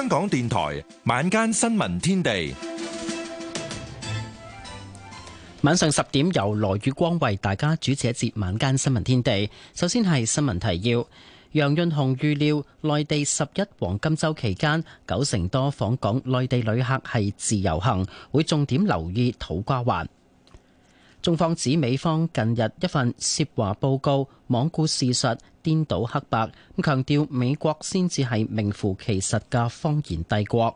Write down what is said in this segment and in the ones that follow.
香港電台晚間新聞天地，晚上十點由羅宇光為大家主持一節晚間新聞天地。首先係新聞提要，楊潤雄預料內地十一黃金周期間，九成多訪港內地旅客係自由行，會重點留意土瓜灣。中方指美方近日一份涉華報告，罔顧事實，顛倒黑白，強調美國先至係名符其實嘅謊言帝國。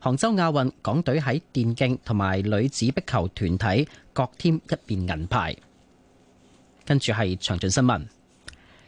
杭州亞運港隊喺電競同埋女子壁球團體各添一面銀牌。跟住，係詳盡新聞。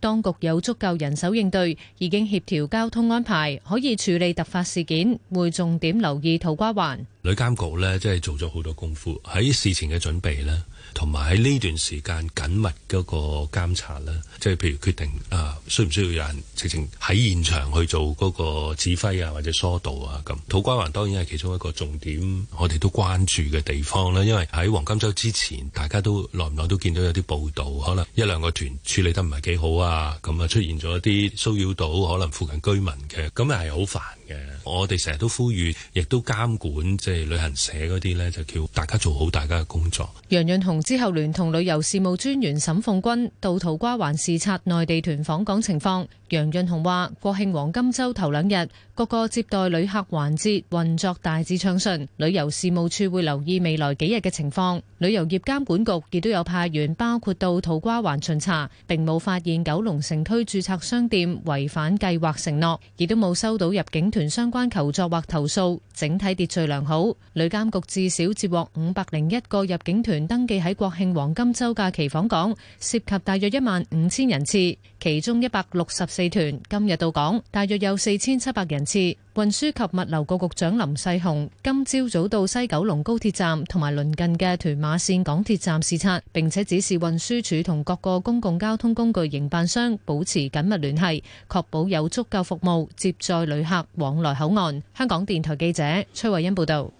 當局有足夠人手應對，已經協調交通安排，可以處理突發事件。會重點留意土瓜灣。旅監局咧，即係做咗好多功夫，喺事前嘅準備咧，同埋喺呢段時間緊密嗰個監察啦，即係譬如決定啊，需唔需要有人直情喺現場去做嗰個指揮啊，或者疏導啊咁。土瓜灣當然係其中一個重點，我哋都關注嘅地方啦。因為喺黃金周之前，大家都耐唔耐都見到有啲報道，可能一兩個團處理得唔係幾好啊。啊，咁啊出現咗一啲騷擾到可能附近居民嘅，咁啊係好煩嘅，我哋成日都呼籲，亦都監管，即係旅行社嗰啲咧，就叫大家做好大家嘅工作。楊潤雄之後聯同旅遊事務專員沈鳳君到土瓜灣視察內地團訪港情況。楊潤雄話：國慶黃金週頭兩日，各個接待旅客環節運作大致暢順。旅遊事務處會留意未來幾日嘅情況。旅遊業監管局亦都有派員包括到土瓜灣巡查，並冇發現九龍城區註冊商店違反計劃承諾，亦都冇收到入境團相關求助或投訴，整體秩序良好。旅監局至少接獲五百零一個入境團登記喺國慶黃金周假期訪港，涉及大約一萬五千人次。其中一百六十四團今日到港，大約有四千七百人次。運輸及物流局局長林世雄今朝早到西九龍高鐵站同埋鄰近嘅屯馬線港鐵站視察，並且指示運輸署同各個公共交通工具營辦商保持緊密聯繫，確保有足夠服務接載旅客往來口岸。香港電台記者崔慧欣報道。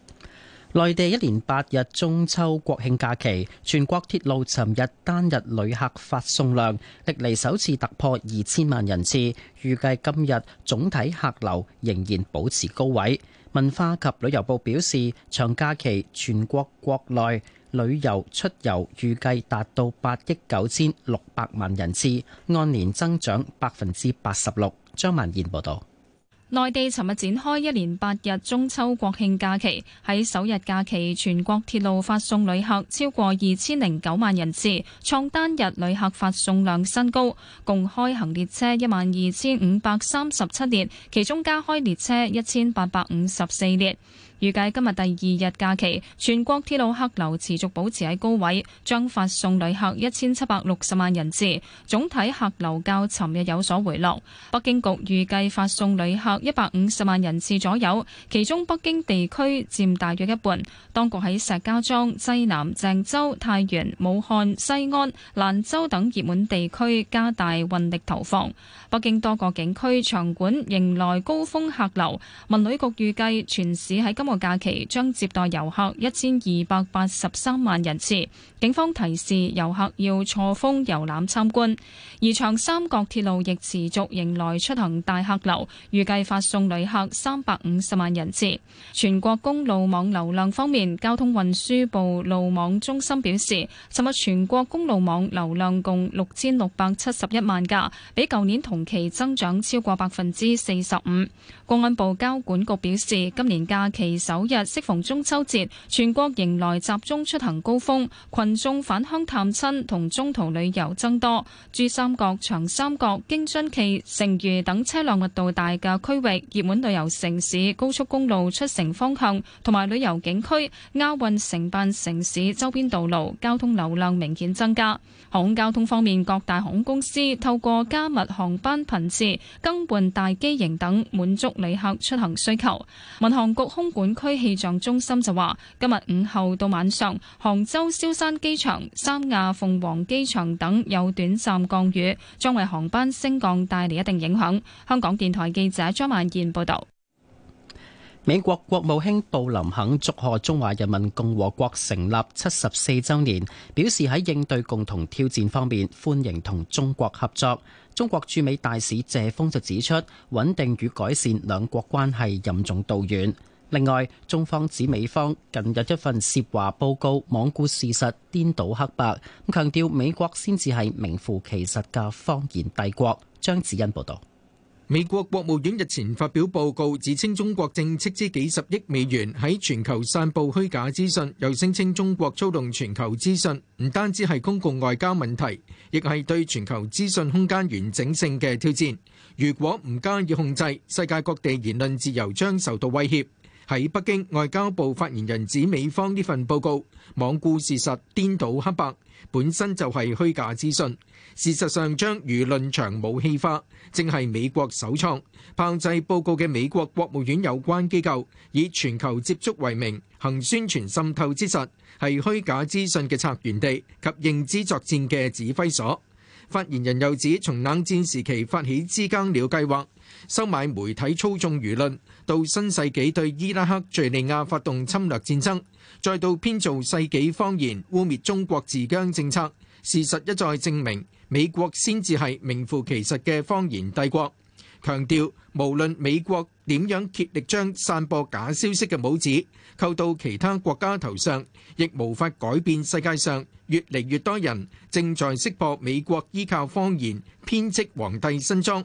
內地一連八日中秋國慶假期，全國鐵路尋日單日旅客發送量歷嚟首次突破二千萬人次，預計今日總體客流仍然保持高位。文化及旅遊部表示，長假期全國國內旅遊出遊預計達到八億九千六百萬人次，按年增長百分之八十六。張文賢報道。內地尋日展開一連八日中秋國慶假期，喺首日假期，全國鐵路發送旅客超過二千零九萬人次，創單日旅客發送量新高，共開行列車一萬二千五百三十七列，其中加開列車一千八百五十四列。預計今日第二日假期，全國鐵路客流持續保持喺高位，將發送旅客一千七百六十萬人次，總體客流較尋日有所回落。北京局預計發送旅客一百五十萬人次左右，其中北京地區佔大約一半。當局喺石家莊、濟南、鄭州、太原、武漢、西安、蘭州等熱門地區加大運力投放。北京多個景區場館迎來高峰客流，文旅局預計全市喺今個假期將接待遊客一千二百八十三萬人次，警方提示遊客要錯峰遊覽參觀。而長三角鐵路亦持續迎來出行大客流，預計發送旅客三百五十萬人次。全國公路網流量方面，交通運輸部路網中心表示，尋日全國公路網流量共六千六百七十一萬架，比舊年同期增長超過百分之四十五。公安部交管局表示，今年假期，首日適逢中秋節，全國迎來集中出行高峰，群眾返鄉探親同中途旅遊增多。珠三角、長三角、京津冀、成渝等車輛密度大嘅區域，熱門旅遊城市、高速公路出城方向同埋旅遊景區、亞運承辦城市周邊道路交通流量明顯增加。航空交通方面，各大航空公司透過加密航班頻次、更換大機型等，滿足旅客出行需求。民航局空管區氣象中心就話，今日午後到晚上，杭州蕭山機場、三亞鳳凰機場等有短暫降雨，將為航班升降帶嚟一定影響。香港電台記者張萬燕報道。美國國務卿布林肯祝賀中華人民共和國成立七十四週年，表示喺應對共同挑戰方面，歡迎同中國合作。中國駐美大使謝鋒就指出，穩定與改善兩國關係任重道遠。另外，中方指美方近日一份涉華報告罔顧事實，顛倒黑白，強調美國先至係名副其實嘅謊言帝國。張子欣報導，美國國務院日前發表報告，指稱中國正斥資幾十億美元喺全球散佈虛假資訊，又聲稱中國操動全球資訊，唔單止係公共外交問題，亦係對全球資訊空間完整性嘅挑戰。如果唔加以控制，世界各地言論自由將受到威脅。喺北京，外交部發言人指美方呢份報告罔顧事實顛倒黑白，本身就係虛假資訊，事實上，將輿論場武器化，正係美國首創。炮製報告嘅美國國務院有關機構以全球接觸為名，行宣傳滲透之實，係虛假資訊嘅策源地及認知作戰嘅指揮所。發言人又指，從冷戰時期發起之知更鳥計劃，收買媒體操縱輿論，到新世紀對伊拉克、敍利亞發動侵略戰爭，再到編造世紀謊言污蔑中國治疆政策，事實一再證明美國先至係名副其實嘅謊言帝國。強調無論美國點樣竭力將散播假消息嘅帽子扣到其他國家頭上，亦無法改變世界上越嚟越多人正在識破美國依靠謊言編織皇帝新裝。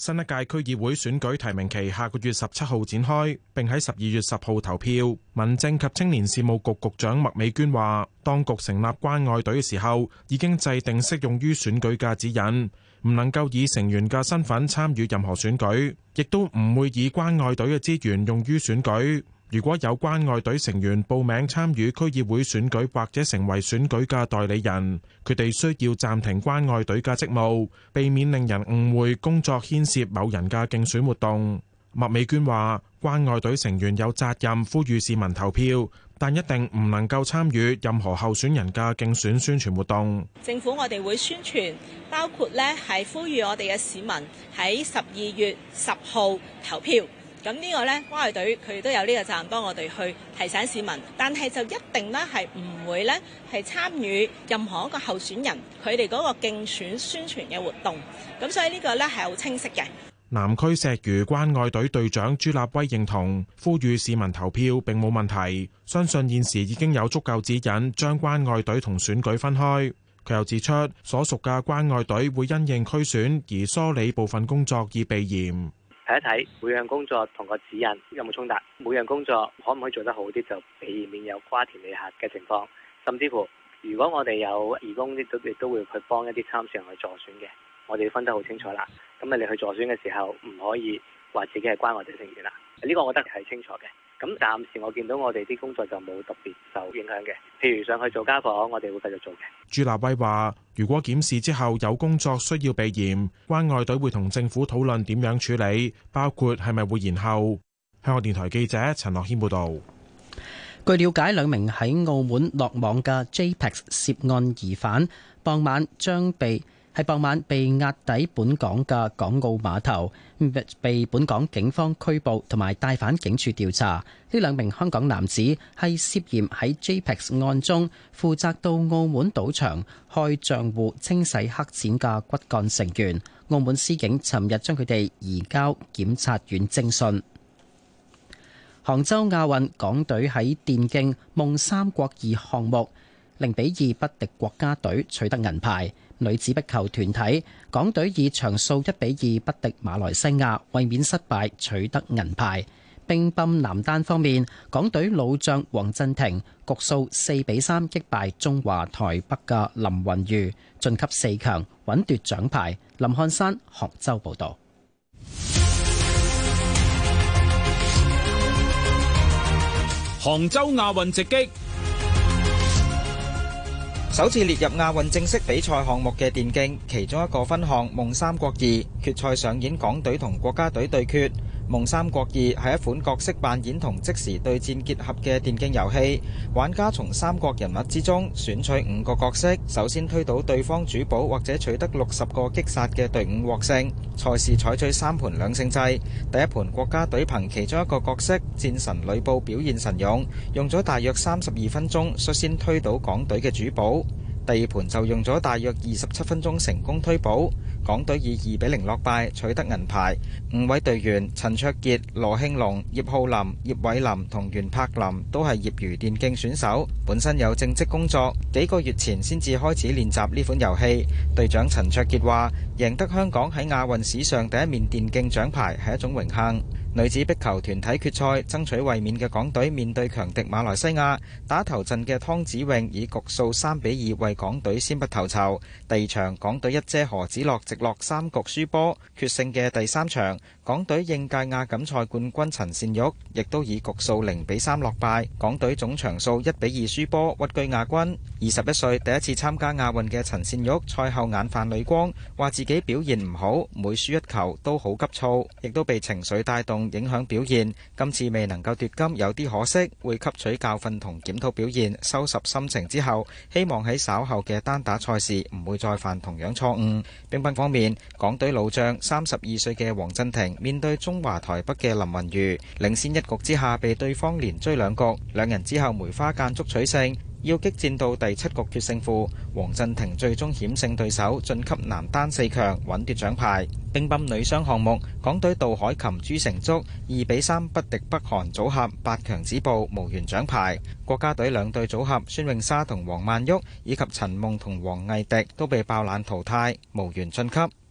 新一屆區議會選舉提名期下個月十七號展開，並喺十二月十號投票。民政及青年事務局局局長麥美娟話，當局成立關愛隊嘅時候，已經制定適用於選舉嘅指引，唔能夠以成員嘅身份參與任何選舉，亦都唔會以關愛隊嘅資源用於選舉。如果有關愛隊成員報名參與區議會選舉或者成為選舉嘅代理人，佢哋需要暫停關愛隊嘅職務，避免令人誤會工作牽涉某人嘅競選活動。麥美娟話：關愛隊成員有責任呼籲市民投票，但一定唔能夠參與任何候選人嘅競選宣傳活動。政府我哋會宣傳，包括呢係呼籲我哋嘅市民喺十二月十號投票。咁呢個咧關愛隊佢都有呢個責任幫我哋去提醒市民，但係就一定咧係唔會咧係參與任何一個候選人佢哋嗰個競選宣傳嘅活動。咁所以呢個咧係好清晰嘅。南區石漁關愛隊隊長朱立威認同，呼籲市民投票並冇問題，相信現時已經有足夠指引，將關愛隊同選舉分開。佢又指出，所屬嘅關愛隊會因應區選而梳理部分工作以避嫌。睇一睇每樣工作同個指引有冇衝突，每樣工作可唔可以做得好啲，就避免有瓜田李下嘅情況。甚至乎，如果我哋有義工，亦都亦都會去幫一啲參選人去助選嘅，我哋分得好清楚啦。咁啊，你去助選嘅時候，唔可以話自己係關我哋成員啦。呢個我覺得係清楚嘅。咁暫時我見到我哋啲工作就冇特別受影響嘅，譬如上去做家訪，我哋會繼續做嘅。朱立威話，如果檢視之後有工作需要避嫌，關愛隊會同政府討論點樣處理，包括係咪會延後。香港電台記者陳樂軒報導。據瞭解，兩名喺澳門落網嘅 JPEX 涉案疑犯，傍晚將被。係傍晚被押抵本港嘅港澳碼頭，被本港警方拘捕，同埋帶返警署調查。呢兩名香港男子係涉嫌喺 JPEX 案中負責到澳門賭場開賬戶、清洗黑錢嘅骨幹成員。澳門司警尋日將佢哋移交檢察院偵訊。杭州亞運港隊喺電競夢三國二項目零比二不敵國家隊，取得銀牌。女子壁球團體港隊以場數一比二不敵馬來西亞，衛冕失敗，取得銀牌。乒乓男單方面，港隊老將黃鎮廷局數四比三擊敗中華台北嘅林昀儒晉級四強，穩奪獎牌。林漢山，杭州報道。杭州亞運直擊。首次列入亞運正式比賽項目嘅電競，其中一個分項夢三國二決賽上演港隊同國家隊對決。《夢三國二》係一款角色扮演同即時對戰結合嘅電競遊戲，玩家從三國人物之中選取五個角色，首先推倒對方主堡或者取得六十個擊殺嘅隊伍獲勝。賽事採取三盤兩勝制，第一盤國家隊憑其中一個角色戰神呂布表現神勇，用咗大約三十二分鐘率先推倒港隊嘅主堡。第二盤就用咗大約二十七分鐘成功推保，港隊以二比零落敗，取得銀牌。五位隊員陳卓傑、羅興龍、葉浩林、葉偉林同袁柏林都係業餘電競選手，本身有正職工作，幾個月前先至開始練習呢款遊戲。隊長陳卓傑話：贏得香港喺亞運史上第一面電競獎牌係一種榮幸。女子壁球團體決賽爭取衛冕嘅港隊面對強敵馬來西亞，打頭陣嘅湯子穎以局數三比二為港隊先拔頭籌，第二場港隊一姐何子樂直落三局輸波，決勝嘅第三場。港隊應屆亞錦賽冠軍陳善玉亦都以局數零比三落敗，港隊總場數一比二輸波，屈居亞軍。二十一歲第一次參加亞運嘅陳善玉賽後眼泛淚光，話自己表現唔好，每輸一球都好急躁，亦都被情緒帶動影響表現。今次未能夠奪金有啲可惜，會吸取教訓同檢討表現，收拾心情之後，希望喺稍後嘅單打賽事唔會再犯同樣錯誤。乒乓方面，港隊老將三十二歲嘅黃鎮廷。面對中華台北嘅林云如，領先一局之下被對方連追兩局，兩人之後梅花間竹取勝，要激戰到第七局決勝負。黃鎮廷最終險勝對手，晉級男單四強，穩奪獎牌。乒乓女雙項目，港隊杜海琴朱成竹二比三不敵北韓組合，八強止步，無緣獎牌。國家隊兩隊組合孫穎莎同王曼昱以及陳夢同王藝迪都被爆冷淘汰，無緣晉級。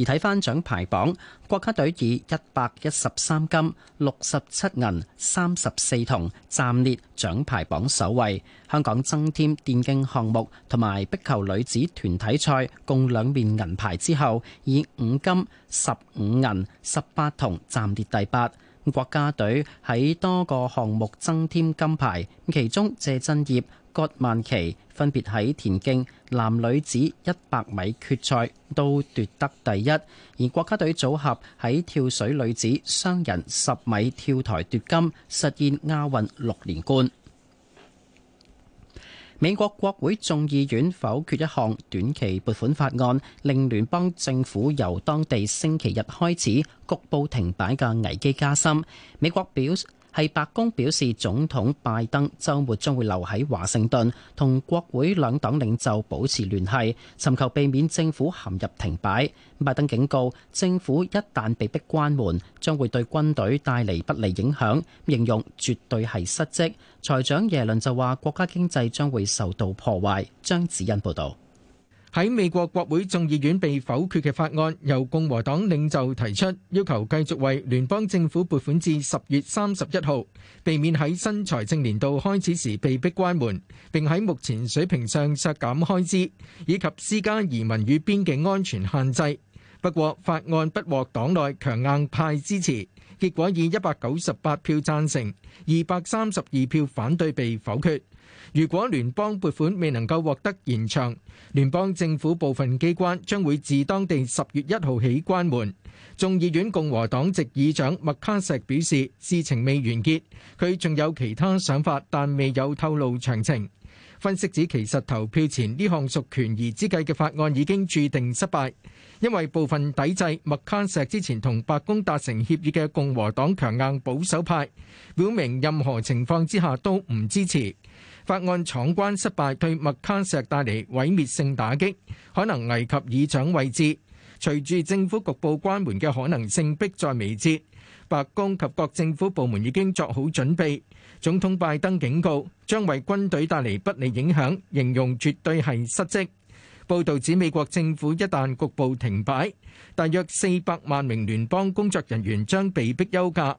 而睇翻獎牌榜，國家隊以一百一十三金、六十七銀、三十四銅暫列獎牌榜首位。香港增添電競項目同埋壁球女子團體賽共兩面銀牌之後，以五金、十五銀、十八銅暫列第八。國家隊喺多個項目增添金牌，其中謝振業。葛曼琪分別喺田徑男女子一百米決賽都奪得第一，而國家隊組合喺跳水女子雙人十米跳台奪金，實現亞運六連冠。美國國會眾議院否決一項短期撥款法案，令聯邦政府由當地星期日開始局部停擺嘅危機加深。美國表示。係白宮表示，總統拜登周末將會留喺華盛頓，同國會兩黨領袖保持聯繫，尋求避免政府陷入停擺。拜登警告，政府一旦被逼關門，將會對軍隊帶嚟不利影響，形容絕對係失職。財長耶倫就話，國家經濟將會受到破壞。張子欣報道。喺美國國會眾議院被否決嘅法案，由共和黨領袖提出，要求繼續為聯邦政府撥款至十月三十一號，避免喺新財政年度開始時被迫關門，並喺目前水平上削減開支，以及施加移民與邊境安全限制。不過，法案不獲黨內強硬派支持，結果以一百九十八票贊成、二百三十二票反對被否決。如果聯邦撥款未能夠獲得延長，聯邦政府部分機關將會自當地十月一號起關門。眾議院共和黨籍議長麥卡錫表示，事情未完結，佢仲有其他想法，但未有透露詳情。分析指，其實投票前呢項屬權宜之計嘅法案已經注定失敗，因為部分抵制麥卡錫之前同白宮達成協議嘅共和黨強硬保守派，表明任何情況之下都唔支持。法案闖關失敗對麥卡錫帶嚟毀滅性打擊，可能危及議長位置。隨住政府局部關門嘅可能性迫在眉睫，白宮及各政府部門已經作好準備。總統拜登警告，將為軍隊帶嚟不利影響，形容絕對係失職。報導指美國政府一旦局部停擺，大約四百萬名聯邦工作人員將被逼休假。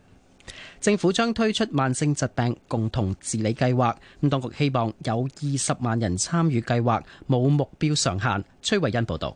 政府將推出慢性疾病共同治理計劃，咁當局希望有二十萬人參與計劃，冇目標上限。崔慧恩報道。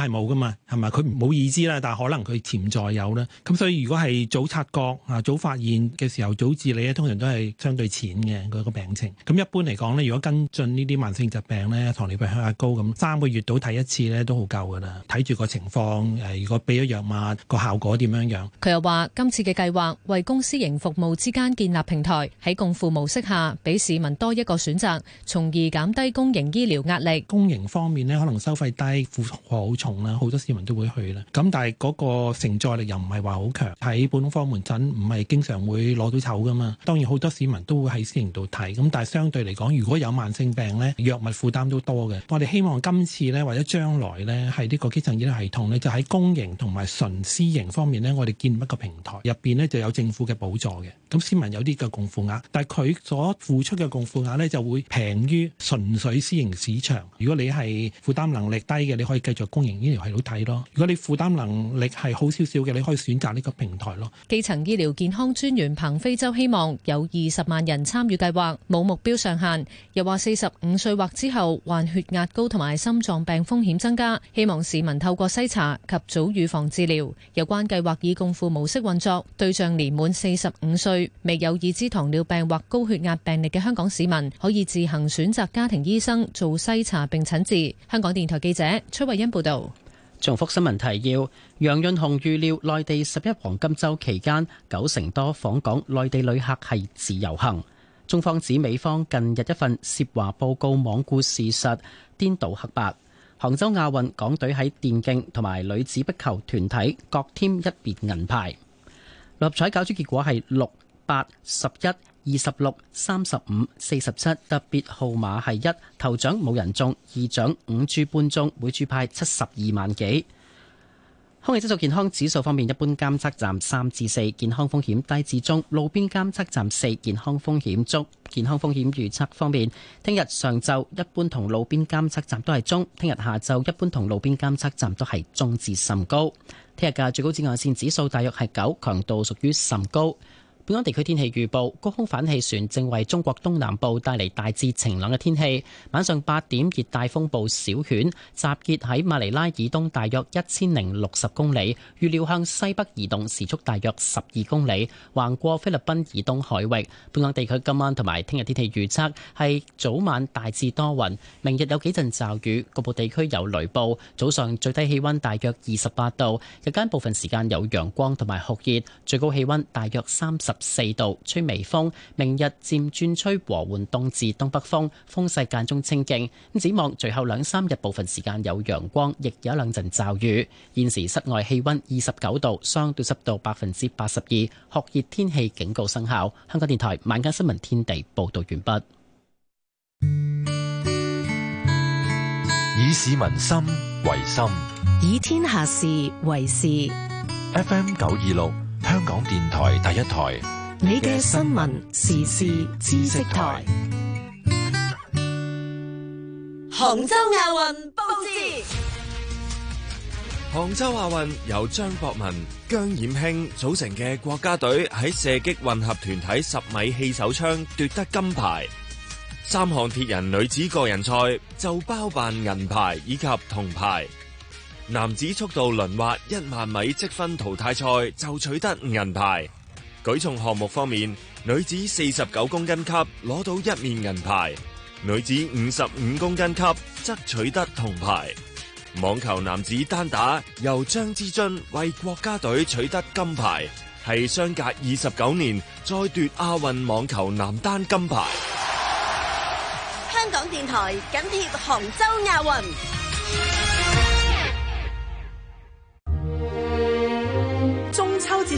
係冇噶嘛，係咪佢唔好意思啦，但係可能佢潛在有啦，咁所以如果係早察覺啊、早發現嘅時候，早治理咧，通常都係相對淺嘅嗰個病情。咁一般嚟講咧，如果跟進呢啲慢性疾病咧，糖尿病、血壓高咁，三個月到睇一次咧都好夠噶啦。睇住個情況，誒，如果俾咗藥物，個效果點樣樣？佢又話今次嘅計劃為公私營服務之間建立平台，喺共付模式下，俾市民多一個選擇，從而減低公營醫療壓力。公營方面咧，可能收費低，付好。同啦，好多市民都會去啦。咁但係嗰個承載力又唔係話好強，喺普通科門診唔係經常會攞到籌噶嘛。當然好多市民都會喺私營度睇，咁但係相對嚟講，如果有慢性病咧，藥物負擔都多嘅。我哋希望今次咧或者將來咧，喺呢個基層醫療系統咧，就喺公營同埋純私營方面咧，我哋建立一個平台，入邊咧就有政府嘅補助嘅，咁市民有啲嘅共付額，但係佢所付出嘅共付額咧就會平於純粹私營市場。如果你係負擔能力低嘅，你可以繼續公營醫療係好睇咯，如果你負擔能力係好少少嘅，你可以選擇呢個平台咯。基層醫療健康專員彭飛洲希望有二十萬人參與計劃，冇目標上限。又話四十五歲或之後患血壓高同埋心臟病風險增加，希望市民透過篩查及早預防治療。有關計劃以共付模式運作，對象年滿四十五歲未有已知糖尿病或高血壓病歷嘅香港市民，可以自行選擇家庭醫生做篩查並診治。香港電台記者崔慧欣報道。重複新聞提要：楊潤雄預料內地十一黃金周期間，九成多訪港內地旅客係自由行。中方指美方近日一份涉華報告罔顧事實，顛倒黑白。杭州亞運港隊喺電競同埋女子壁球團體各添一面銀牌。六合彩攪珠結果係六八十一，二十六、三十五、四十七，特別號碼係一，頭獎冇人中，二獎五注半中，每注派七十二萬幾。空氣質素健康指數方面，一般監測站三至四，健康風險低至中；路邊監測站四，健康風險中。健康風險預測方面，聽日上晝一般同路邊監測站都係中，聽日下晝一般同路邊監測站都係中至甚高。聽日嘅最高紫外線指數大約係九，強度屬於甚高。本港地區天氣預報，高空反氣旋正為中國東南部帶嚟大致晴朗嘅天氣，晚上八點，熱帶風暴小犬集結喺馬尼拉以東大約一千零六十公里，預料向西北移動時速大約十二公里，橫過菲律賓以東海域。本港地區今晚同埋聽日天氣預測係早晚大致多雲，明日有幾陣驟雨，局部地區有雷暴。早上最低氣溫大約二十八度，日間部分時間有陽光同埋酷熱，最高氣溫大約三十四度，吹微風。明日漸轉吹和緩東至東北風，風勢間中清勁。咁展望隨後兩三日，部分時間有陽光，亦有兩陣驟雨。現時室外氣溫二十九度，相對濕度百分之八十二，酷熱天氣警告生效。香港電台《晚間新聞天地》報道完畢。以市民心為心，以天下事為事。F.M. 九二六。香港電台第一台，你嘅新聞時事知識台。杭州亞運報知，杭州亞運由張博文、姜冉馨組成嘅國家隊喺射擊混合團體十米氣手槍奪得金牌，三項鐵人女子個人賽就包辦銀牌以及銅牌。男子速度輪滑一萬米積分淘汰賽就取得銀牌。舉重項目方面，女子四十九公斤級攞到一面銀牌，女子五十五公斤級則取得銅牌。網球男子單打由張之臻為國家隊取得金牌，係相隔二十九年再奪亞運網球男單金牌。香港電台緊貼杭州亞運。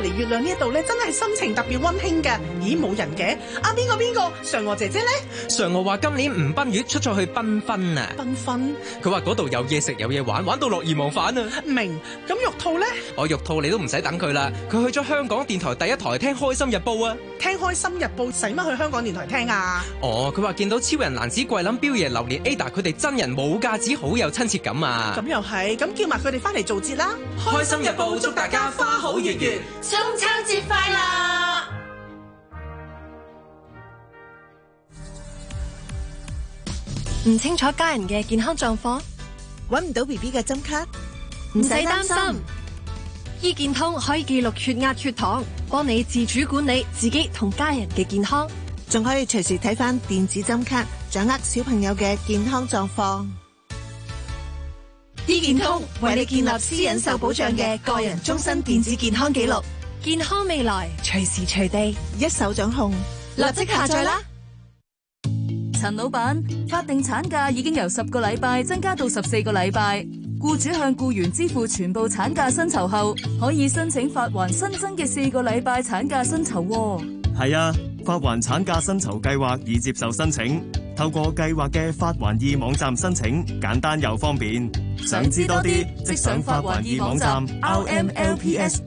嚟月亮呢一度咧，真係心情特別溫馨嘅。咦，冇人嘅？阿邊個邊個？嫦娥姐姐咧？嫦娥話今年唔奔月，出咗去繽紛啊！繽紛芙。佢話嗰度有嘢食，有嘢玩，玩到樂而忘返啊！明。咁玉兔咧？我玉兔你都唔使等佢啦，佢去咗香港電台第一台聽開心日報啊！聽開心日報，使乜去香港電台聽啊？哦，佢話見到超人男子桂綸鑣爺榴蓮 Ada，佢哋真人冇架子，好有親切感啊！咁又係，咁叫埋佢哋翻嚟做節啦！Eyelid, 開心日報，祝大家花好月圓。中秋節快樂！唔清楚家人嘅健康狀況，揾唔到 BB 嘅針卡，唔使擔心。醫健通可以記錄血壓、血糖，幫你自主管理自己同家人嘅健康，仲可以隨時睇返電子針卡，掌握小朋友嘅健康狀況。醫健通為你建立私隱受保障嘅個人終身電子健康記錄。健康未來，隨時隨地，一手掌控，立即下載啦！陳老闆，法定產假已經由十個禮拜增加到十四個禮拜。僱主向僱員支付全部產假薪酬後，可以申請發還新增嘅四個禮拜產假薪酬啊。係啊，發還產假薪酬計劃已接受申請，透過計劃嘅發還易網站申請，簡單又方便。想知多啲，即上法環二網站 rmlps.gov.hk，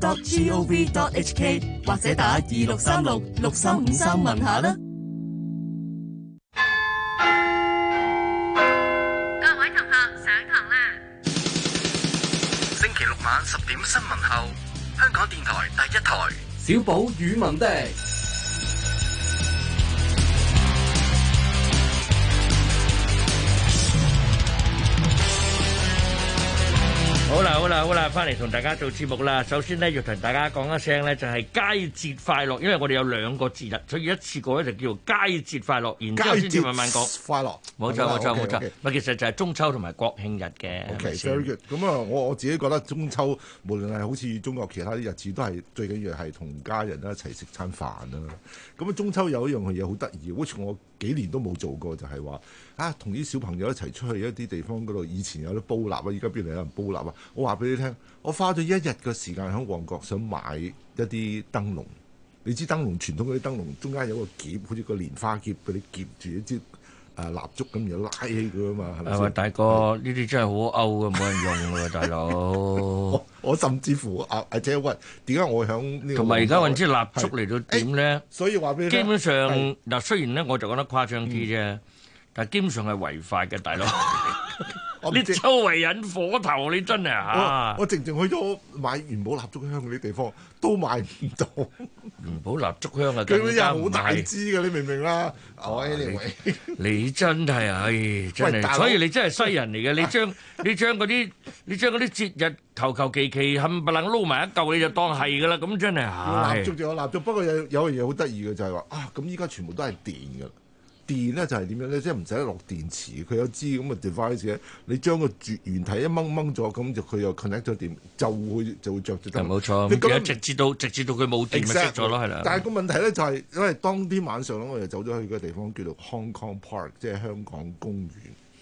或者打二六三六六三五三問下啦。各位同學，上堂啦，星期六晚十點新聞後，香港電台第一台小寶語文的。好啦，翻嚟同大家做節目啦。首先咧，要同大家講一聲咧，就係佳節快樂。因為我哋有兩個節日，所以一次過咧，就叫做佳節快樂。然之後先至慢慢講快樂，冇錯冇錯冇錯。其實就係中秋同埋國慶日嘅。O K，上個月咁啊，我我自己覺得中秋無論係好似中國其他啲日子，都係最緊要係同家人咧一齊食餐飯啦。咁啊，中秋有一樣嘢好得意 which 我。幾年都冇做過，就係、是、話啊，同啲小朋友一齊出去一啲地方嗰度。以前有啲煲立啊，依家邊度有人煲立啊？我話俾你聽，我花咗一日嘅時間喺旺角想買一啲燈籠。你知燈籠傳統嗰啲燈籠中間有個結，好似個蓮花結俾你結住，你知。啊蠟燭咁就拉起佢啊嘛，係咪？喂吧以大哥，呢啲是真係好歐嘅，冇人用㗎 大佬哥。 我甚至乎阿阿 Terry，點解我響？同埋而家用支蠟燭嚟到點咧？所以話俾你，基本上嗱，是雖然咧我就覺得誇張啲啫，嗯、但係基本上係違法嘅，大佬。 你周圍引火頭，你真係嚇！我我直情去咗買元寶蠟燭香嗰啲地方，都買唔到。元寶蠟燭香啊，佢啲又好大支㗎，你明唔明啦？我你你真係唉，真係。所以你真係衰人嚟嘅，你將你將嗰啲你將啲節日求求其其冚唪唥撈埋一嚿，你就當係㗎啦。咁真係嚇。蠟燭仲有蠟燭，不過有有樣嘢好得意嘅就係話啊，咁依家全部都係電㗎啦。電咧就係、是、點樣咧，即係唔使落電池，佢有支咁嘅 device 咧，你將個絕緣體一掹掹咗，咁就佢又 connect 咗電，就會就住著，著。冇錯，咁而家直接到直接到佢冇電咪熄咗咯，係啦 Exactly, 的。但係個問題咧就係、是，因為當天晚上咧，我就走咗去個地方叫做 Hong Kong Park，即係香港公園。